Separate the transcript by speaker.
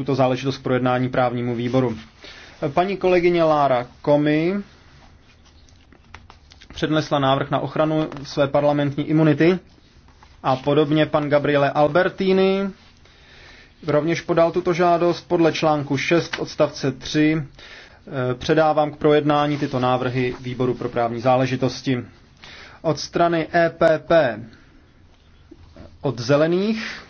Speaker 1: tuto záležitost k projednání právnímu výboru. Paní kolegyně Lára Komi přednesla návrh na ochranu své parlamentní imunity a podobně pan Gabriele Albertini rovněž podal tuto žádost podle článku 6 odstavce 3. Eh, předávám k projednání tyto návrhy výboru pro právní záležitosti. Od strany EPP eh,
Speaker 2: od zelených